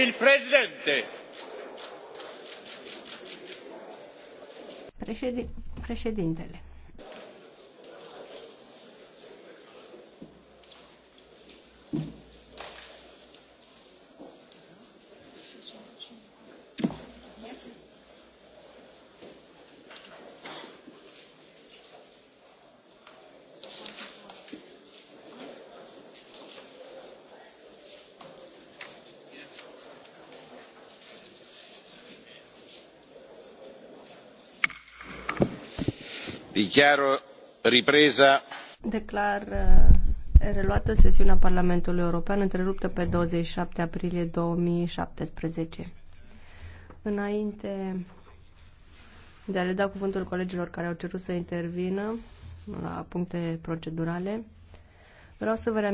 Il presidente. președintele. dichiaro ripresa declar uh, reluată sesiunea parlamentului european întreruptă pe 27 aprilie 2017 înainte de a le da cuvântul colegilor care au cerut să intervină la puncte procedurale vreau să vă reamintesc